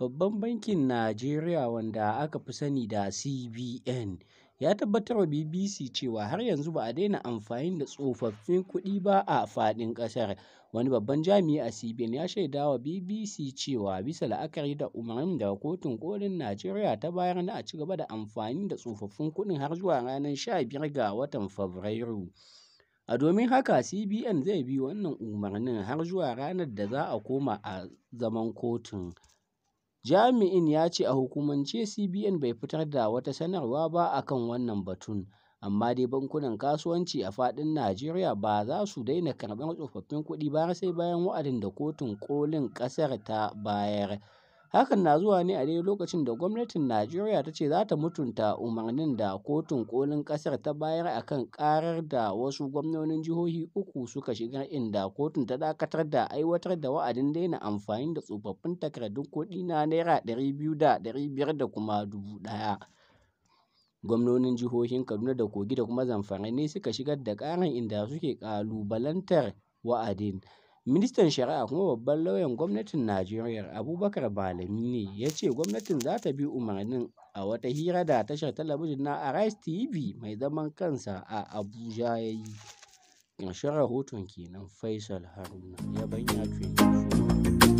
Babban Bankin Najeriya wanda aka fi sani da CBN ya tabbatar wa BBC cewa har yanzu ba a daina amfani da tsofaffin kuɗi ba a faɗin ƙasar. Wani babban jami'i a CBN ya shaida wa BBC cewa bisa la'akari da umarnin da Kotun Kolin Najeriya ta bayar na a ci gaba da amfani da tsofaffin kuɗin har zuwa ranar 15 ga watan Fabrairu, a domin haka CBN zai bi wannan umarnin har zuwa ranar da za a koma a zaman kotun. Jami'in ya ce a hukumance CBN bai fitar da wata sanarwa ba a kan wannan batun, amma dai bankunan kasuwanci a faɗin Najeriya ba za su daina karɓar tsofaffin kuɗi ba sai bayan wa'adin da Kotun Kolin ƙasar ta bayar. Hakan na zuwa ne a dai lokacin da gwamnatin Najeriya ta ce za ta mutunta umarnin da Kotun Kolin ƙasar ta bayar a kan karar da wasu gwamnonin jihohi uku suka shiga inda kotun ta dakatar da aiwatar da wa'adin daina amfani da tsofaffin takardun kuɗi na Naira 200 da 500 da kuma 1000. Gwamnonin jihohin Kaduna da Kogi da kuma Zamfara ne suka shigar da karin inda suke kalubalantar wa'adin. Ministan Shari'a kuma babban lauyan gwamnatin Najeriya Abubakar Malami ne ya ce gwamnatin za ta bi umarnin a wata hira da tashar talabijin na Arise TV mai zaman kansa a Abuja ya yi. Ƙarshen rahoton kenan Faisal Haruna, bayyana 24.